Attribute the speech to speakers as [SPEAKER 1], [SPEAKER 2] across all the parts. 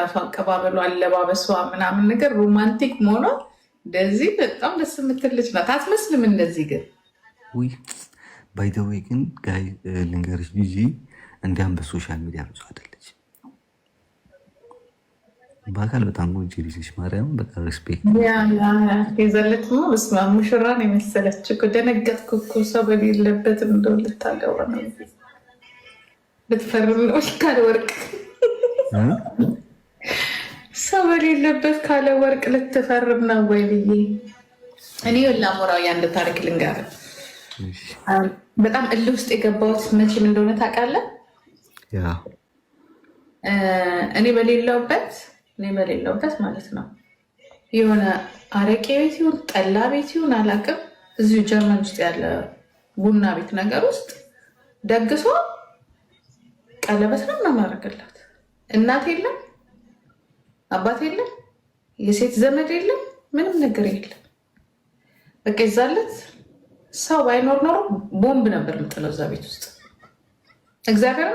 [SPEAKER 1] ራሱ አቀባበሉ፣ አለባበሷ ምናምን ነገር ሮማንቲክ መሆኗ እንደዚህ በጣም ደስ የምትልች ናት። አትመስልም እንደዚህ ግን ባይደዌ ግን ጋይ ልንገርሽ ጂጂ እንዲያም በሶሻል ሚዲያ ብዙ አይደለች። በአካል በጣም ቆንጆ ልጅች ማርያም በቃ ሪስፔክት የዘለት ስማ ሙሽራን የመሰለች እኮ ደነገጥኩ እኮ ሰው በሌለበት እንደው ልታገባ ነው ልትፈርም ነው ካል ወርቅ ሰው በሌለበት ካለ ወርቅ ልትፈርም ነው ወይ ብዬ እኔ ላሞራዊ አንድ ታሪክ ልንጋር። በጣም እልህ ውስጥ የገባሁት መቼም እንደሆነ ታውቃለህ። እኔ በሌለውበት እኔ በሌለውበት ማለት ነው የሆነ አረቄ ቤት ይሁን ጠላ ቤት ይሁን አላውቅም፣ እዚሁ ጀርመን ውስጥ ያለ ቡና ቤት ነገር ውስጥ ደግሶ ቀለበት ነው እናማረግላት እናት የለም አባት የለም፣ የሴት ዘመድ የለም፣ ምንም ነገር የለም። በቃ ይዛለት ሰው ባይኖር ኖሮ ቦምብ ነበር የምጥለው እዛ ቤት ውስጥ። እግዚአብሔር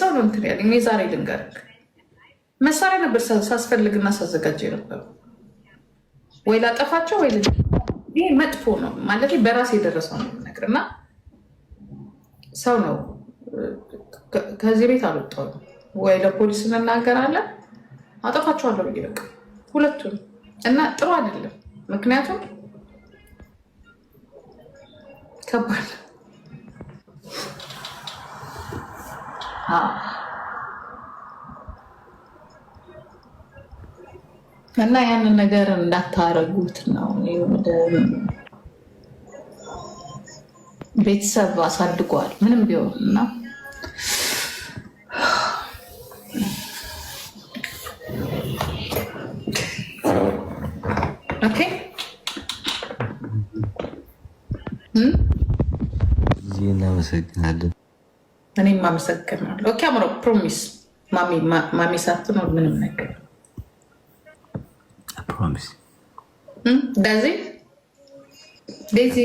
[SPEAKER 1] ሰው ነው እንትን ያለኝ። የዛሬ ልንገርህ፣ መሳሪያ ነበር ሳስፈልግና ሳዘጋጀ ነበር። ወይ ላጠፋቸው ወይ ይህ መጥፎ ነው ማለት በራሴ የደረሰው ነው ነገር እና ሰው ነው። ከዚህ ቤት አልወጣሁም። ወይ ለፖሊስ እንናገራለን አጠፋችኋለሁ ብዬ በቃ ሁለቱን እና ጥሩ አይደለም። ምክንያቱም ከባድ እና ያንን ነገር እንዳታረጉት ነው ቤተሰብ አሳድጓል ምንም ቢሆን እና እናመሰግናለን። እኔም አመሰግናለሁ። ኦኬ አምሮ ፕሮሚስ ማሚ ሳትኖር ምንም ነገር ፕሮሚስ ዳዚ ዴዚ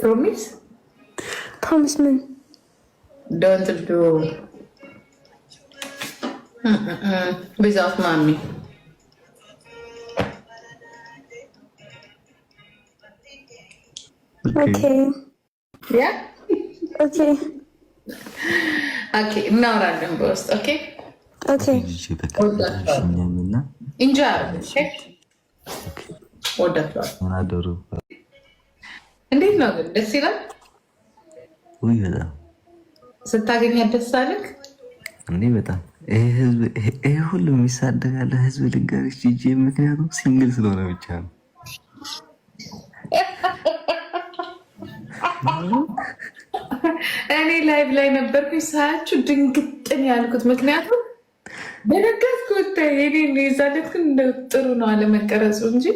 [SPEAKER 1] ፕሮሚስ ፕሮሚስ ምን ዶንት ዱ ዊዛውት ማሚ እናወራለን በውስጥ ኦኬ እንዴት ነው ግን? ደስ ይላል ወይ? በጣም ስታገኛት ደስ አለህ? እኔ በጣም ይህ ሁሉ የሚሳደጋለ ህዝብ ልጋሪች ጅ ምክንያቱም ሲንግል ስለሆነ ብቻ ነው እኔ ላይቭ ላይ ነበርኩኝ ሳያችሁ ድንግጥን ያልኩት ምክንያቱም በነገርኩ እኔ ዛለት ግን ጥሩ ነው አለመቀረጹ እንጂ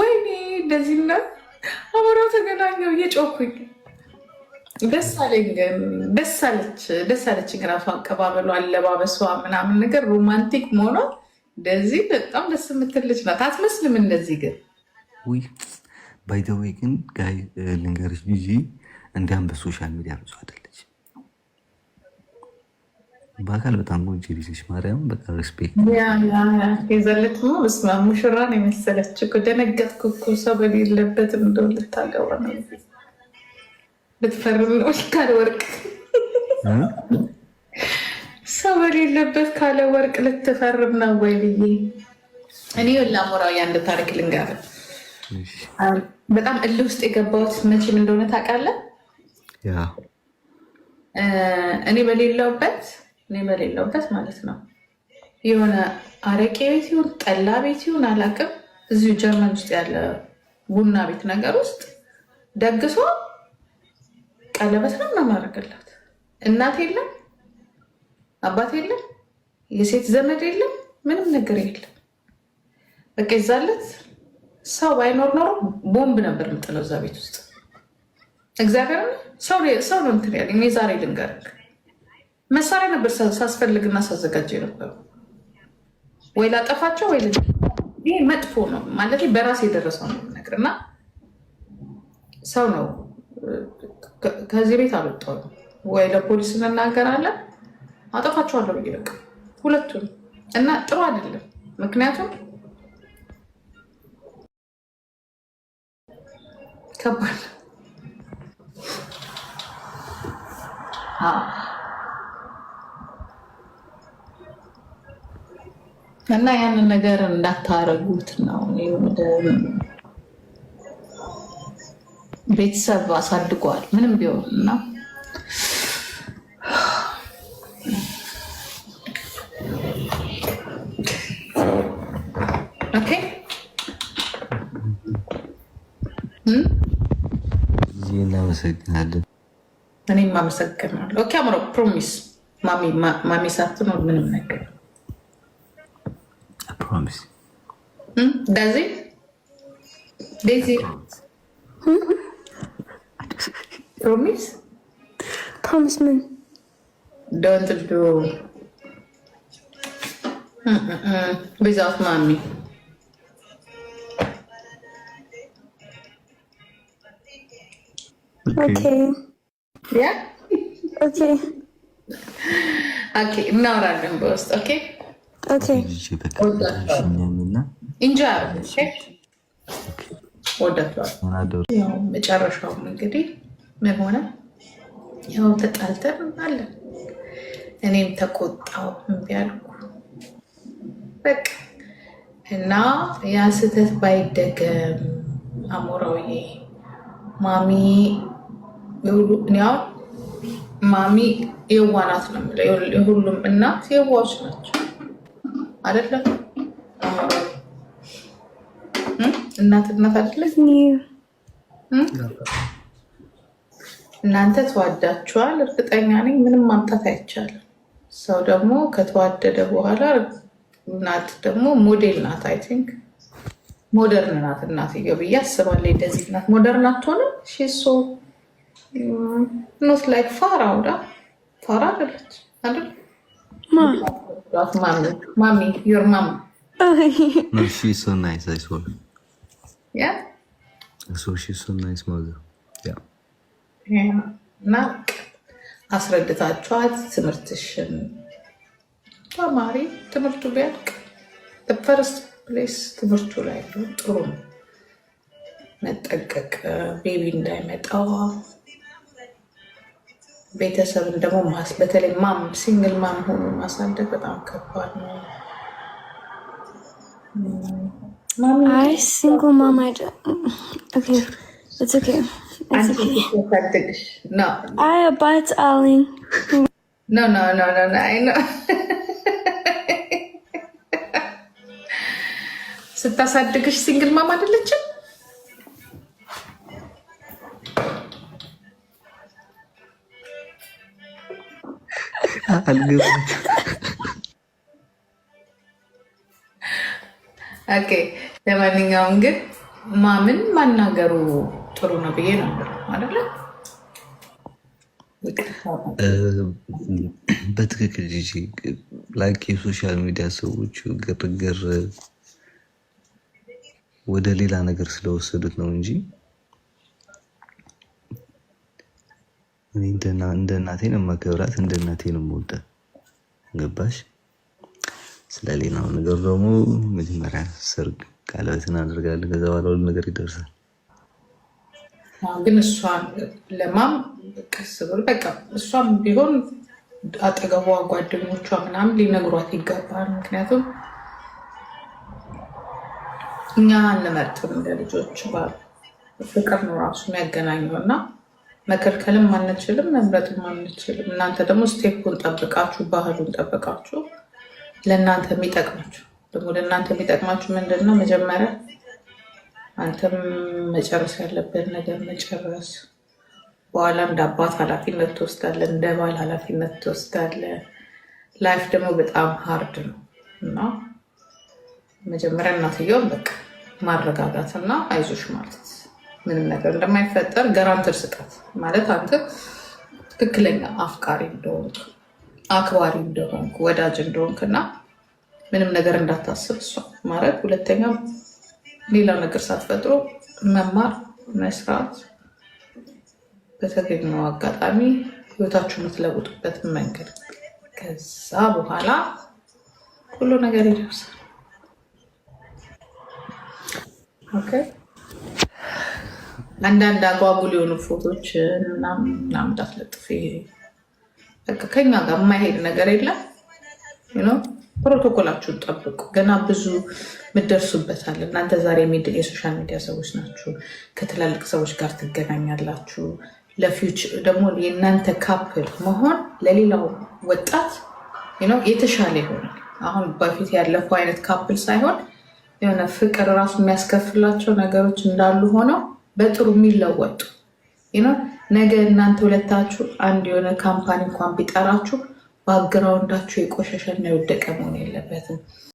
[SPEAKER 1] ወይኔ እንደዚህና አብረው ተገናኘው እየጮኩኝ ደስ አለኝ። ደስ አለች ደስ አለችኝ። ራሱ አቀባበሉ፣ አለባበሷ ምናምን ነገር ሮማንቲክ መሆኗ እንደዚህ በጣም ደስ የምትልች ናት። አትመስልም እንደዚህ ግን ባይዘዌ ግን ጋይ uh, ልንገርሽ ጂጂ እንዲያም በሶሻል ሚዲያ ብዙ አደለች። በአካል በጣም ቆንጆ ልጅ ማርያም በቃ ሪስፔክት ዘለት ነው። በስመ አብ ሙሽራን የመሰለች እኮ ደነገጥኩ እኮ። ሰው በሌለበት እንደው ልታገባ ነው ልትፈርም ነው ካለ ወርቅ ሰው በሌለበት ካለ ወርቅ ልትፈርም ነው ወይ ብዬ እኔ ላሞራዊ አንድ ታሪክ ልንገርህ በጣም እልህ ውስጥ የገባሁት መቼም እንደሆነ ታውቃለህ። እኔ በሌለውበት እኔ በሌለውበት ማለት ነው የሆነ አረቄ ቤት ይሁን ጠላ ቤት ይሁን አላውቅም፣ እዚሁ ጀርመን ውስጥ ያለ ቡና ቤት ነገር ውስጥ ደግሶ ቀለበት ነው እናማረግላት። እናት የለም፣ አባት የለም፣ የሴት ዘመድ የለም፣ ምንም ነገር የለም። በቃ ይዛለት ሰው ባይኖር ኖሮ ቦምብ ነበር የምጥለው እዛ ቤት ውስጥ። እግዚአብሔር ሰው ነው እንትን ያለኝ። ዛሬ ልንገርህ፣ መሳሪያ ነበር ሳስፈልግና ሳዘጋጀ ነበሩ። ወይ ላጠፋቸው ወይ ይህ መጥፎ ነው ማለት በራስ የደረሰው ነው ነገር እና ሰው ነው ከዚህ ቤት አልወጣሁም። ወይ ለፖሊስ እንናገራለን አጠፋቸዋለሁ ብዬ በቃ ሁለቱን እና ጥሩ አይደለም ምክንያቱም ያስገባል። እና ያንን ነገር እንዳታረጉት ነው። ቤተሰብ አሳድጓል ምንም ቢሆን እና እናመሰግናለን። እኔም አመሰግናለሁ። አምሮ ፕሮሚስ ማሚ ሳትኖር ምንም ነገር ፕሮሚስ ዳዚ ዴዚ ፕሮሚስ ፕሮሚስ ምን ዶንት ዱ ዊዛውት ማሚ እናወራለን በውስጥ መጨረሻውም እንግዲህ ምን ሆነ? ያው ተጣልተን አለን። እኔም ተቆጣው እምቢ አልኩ በቃ እና ያ ስህተት ባይደገም አሞራውዬ ማሚ እኔ አሁን ማሚ የዋናት ነው የምለው። የሁሉም እናት የዋዎች ናቸው አይደለም? እናት እናት አይደለም? እናንተ ተዋዳችኋል፣ እርግጠኛ ነኝ። ምንም ማምጣት አይቻልም። ሰው ደግሞ ከተዋደደ በኋላ እናት ደግሞ ሞዴል ናት። አይ ቲንክ ሞደርን ናት እናትየው ብዬ አስባለሁ። እንደዚህ ናት ሞደርን አትሆንም ሺ ኖት ላይ ፋራ ወዳ ፋራ አለች አይደል? ማሚ ዮር አስረድታችኋት ትምህርትሽን ተማሪ ትምህርቱ ቢያልቅ ፈርስት ፕሌስ ትምህርቱ ላይ ጥሩ መጠንቀቅ ቤቢ እንዳይመጣው ቤተሰብን ደግሞ በተለይ ማም ሲንግል ማም ሆኖ ማሳደግ በጣም ከባድ ነው። አይ ሲንግል ማም ባት አለኝ ስታሳድግሽ ሲንግል ማም አይደለችም። ኦኬ ለማንኛውም ግን ማምን ማናገሩ ጥሩ ነው ብዬ ነበር አይደለ? በትክክል ላይክ የሶሻል ሚዲያ ሰዎች ግርግር ወደ ሌላ ነገር ስለወሰዱት ነው እንጂ እንደ እናቴ ነው የማከብራት፣ እንደ እናቴ ነው የምወዳት። ገባሽ? ስለሌላው ነገር ደግሞ መጀመሪያ ሰርግ ቀለበትን አደርጋለሁ። ከዛ በኋላ ሁሉ ነገር ይደርሳል። ግን እሷን ለማም ቀስ ብሎ በቃ እሷም ቢሆን አጠገቧ ጓደኞቿ ምናምን ሊነግሯት ይገባል። ምክንያቱም እኛ አንመርጥም ለልጆች ባል ፍቅር ነው ራሱ የሚያገናኘው እና መከልከልም አንችልም፣ መምረጥም አንችልም። እናንተ ደግሞ ስቴፑን ጠብቃችሁ ባህሉን ጠብቃችሁ ለእናንተ የሚጠቅማችሁ ደግሞ ለእናንተ የሚጠቅማችሁ ምንድን ነው? መጀመሪያ አንተም መጨረስ ያለብን ነገር መጨረስ፣ በኋላ እንደ አባት ኃላፊነት ትወስዳለህ፣ እንደ ባል ኃላፊነት ትወስዳለህ። ላይፍ ደግሞ በጣም ሀርድ ነው እና መጀመሪያ እናትየውን በቃ ማረጋጋት እና አይዞሽ ማለት ምንም ነገር እንደማይፈጠር ገራንትር ስጠት ማለት አንተ ትክክለኛ አፍቃሪ እንደሆንክ አክባሪ እንደሆንክ ወዳጅ እንደሆንክ እና ምንም ነገር እንዳታስብ እሷ ማለት ሁለተኛ ሌላ ነገር ሳትፈጥሮ መማር መስራት በተገኘው አጋጣሚ ህይወታችሁ የምትለውጡበት መንገድ ከዛ በኋላ ሁሉ ነገር ይደርሳል። ኦኬ አንዳንድ አጓጉል የሆኑ ፎቶች ምናምን እንዳትለጥፍ። ይሄ ከኛ ጋር የማይሄድ ነገር የለም። ፕሮቶኮላችሁን ጠብቁ። ገና ብዙ ምደርሱበታል። እናንተ ዛሬ የሶሻል ሚዲያ ሰዎች ናችሁ። ከትላልቅ ሰዎች ጋር ትገናኛላችሁ። ለፊውቸር ደግሞ የእናንተ ካፕል መሆን ለሌላው ወጣት የተሻለ ይሆናል። አሁን በፊት ያለፈው አይነት ካፕል ሳይሆን የሆነ ፍቅር እራሱ የሚያስከፍላቸው ነገሮች እንዳሉ ሆነው በጥሩ የሚለወጡ ነገ እናንተ ሁለታችሁ አንድ የሆነ ካምፓኒ እንኳን ቢጠራችሁ በአግራውንዳችሁ የቆሸሸና የወደቀ መሆን የለበትም።